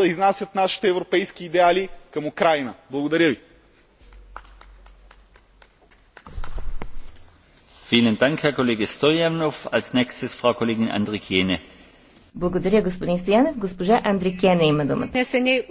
да изнасят нашите европейски идеали към Украина. Благодаря ви. Благодаря, господин Стоянов. Госпожа Андрикена има думата. Е